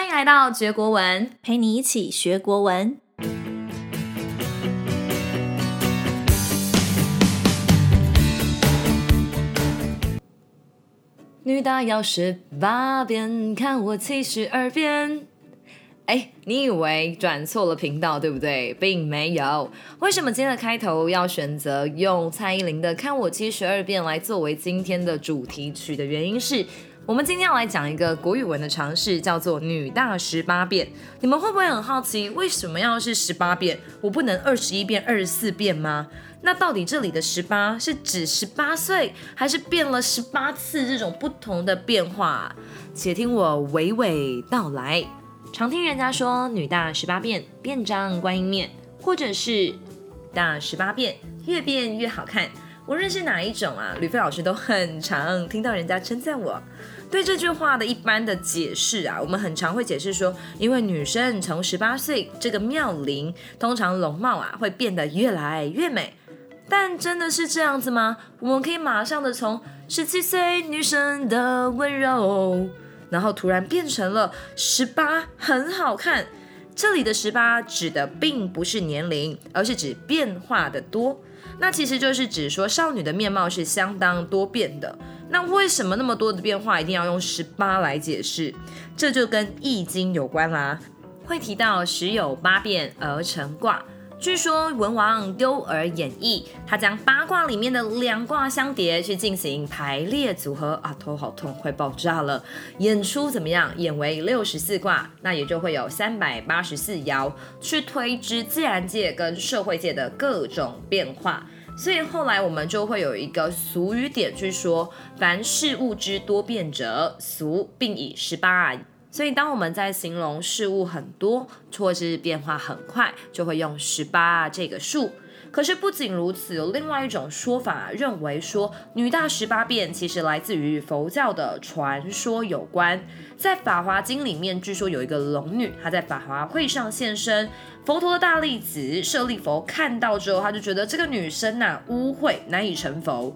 歡迎來到學國文，陪你一起學國文。女大要十八變，看我七十二變。哎，你以為轉錯了頻道對不對？並沒有。為什麼今天的開頭要選擇用蔡依林的《看我七十二變》來作為今天的主題曲的原因是？我們今天要來講一個國語文的常識，叫做“女大十八變”。你們會不會很好奇，為什麼要是十八變？我不能二十一變、二十四變嗎？那到底這裡的十八是指十八歲，還是變了十八次這種不同的變化？且聽我娓娓道來。常聽人家說“女大十八變，變張觀音面”，或者是“大十八變，越變越好看”。無論是哪一種啊，呂飛老師都很常聽到人家稱讚我。對這句話的一般的解釋啊，我們很常會解釋說，因為女生從十八歲這個妙齡，通常容貌啊會變得越來越美。但真的是這樣子嗎？我們可以馬上的從十七歲女生的溫柔，然後突然變成了十八，很好看。這裡的十八指的並不是年齡，而是指變化的多。那其實就是指說少女的面貌是相當多變的。那為什麼那麼多的變化一定要用十八來解釋？這就跟《易經》有關啦，會提到“十有八變而成卦”。據說文王丟而演繹，他將八卦裡面的兩卦相疊去進行排列組合啊，頭好痛，快爆炸了。演出怎麼樣？演為六十四卦，那也就會有三百八十四爻去推知自然界跟社會界的各種變化。所以後來我們就會有一個俗語典，去說凡事物之多變者，俗並以十八。所以，當我們在形容事物很多，措施變化很快，就會用十八這個數。可是不僅如此，有另外一種說法認為說“女大十八變”其實來自於佛教的傳說有關。在《法華經》裡面，據說有一個龍女，她在法華會上現身，佛陀的大弟子舍利弗看到之後，他就覺得這個女生吶、啊、污穢，難以成佛。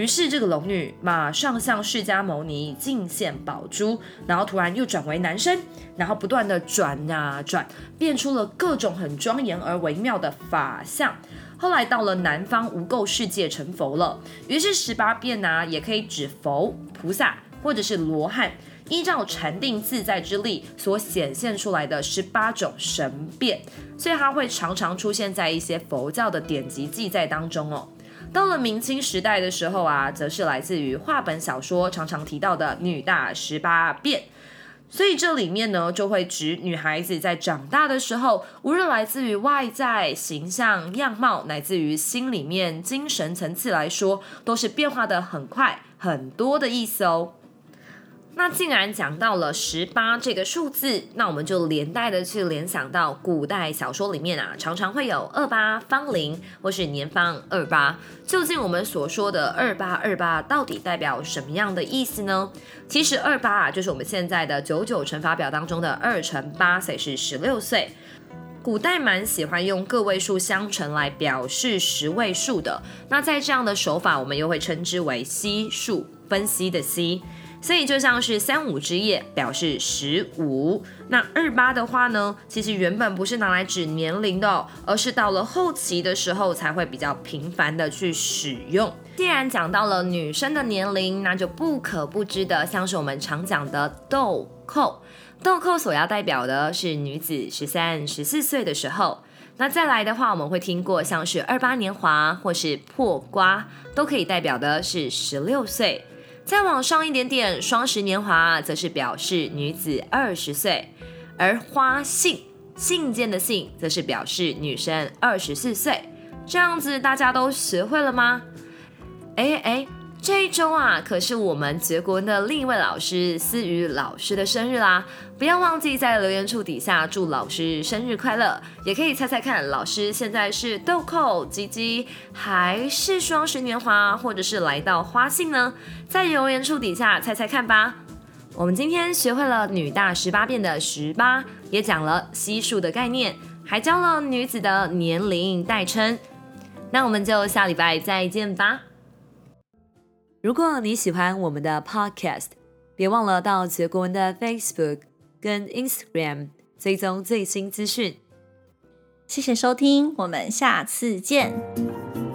於是，這個龍女馬上向釋迦牟尼進獻寶珠，然後突然又轉為男生，然後不斷的轉啊轉，變出了各種很莊嚴而微妙的法相。後來到了南方無垢世界成佛了。於是，十八變啊，也可以指佛菩薩或者是羅漢，依照禪定自在之力所顯現出來的十八種神變，所以它會常常出現在一些佛教的典籍記載當中哦。到了明清時代的時候啊，則是來自於話本小說常常提到的“女大十八變”，所以這裡面呢，就會指女孩子在長大的時候，無論來自於外在形象、樣貌，乃至於心裡面精神層次來說，都是變化得很快、很多的意思哦。那既然講到了十八這個數字，那我們就連帶的去聯想到古代小說裡面啊，常常會有二八方齡，或是年方二八。究竟我們所說的二八二八到底代表什麼樣的意思呢？其實二八啊，就是我們現在的九九乘法表當中的二乘八，所以是十六歲。古代蠻喜歡用個位數相乘來表示十位數的，那在這樣的手法，我們又會稱之為“析數”，分析的析。所以就像是三五之夜表示十五，那二八的話呢，其實原本不是拿來指年齡的哦，而是到了後期的時候才會比較頻繁的去使用。既然講到了女生的年齡，那就不可不知的像是我們常講的豆蔻，豆蔻所要代表的是女子十三、十四歲的時候。那再來的話，我們會聽過像是二八年華或是破瓜，都可以代表的是十六歲。再往上一點點，雙十年華則是表示女子二十歲，而花信信件的信則是表示女生二十四歲。這樣子大家都學會了嗎？誒誒。這一周啊，可是我們結國的另一位老師思雨老師的生日啦！不要忘記在留言處底下祝老師生日快樂，也可以猜猜看，老師現在是豆蔻、及笄，還是雙十年華，或者是來到花信呢？在留言處底下猜猜看吧。我們今天學會了“女大十八變”的十八，也講了悉數的概念，還教了女子的年齡代稱。那我們就下禮拜再見吧。如果你喜歡我們的 Podcast，別忘了到傑國文的 Facebook 跟 Instagram 追蹤最新資訊。謝謝收聽，我們下次見。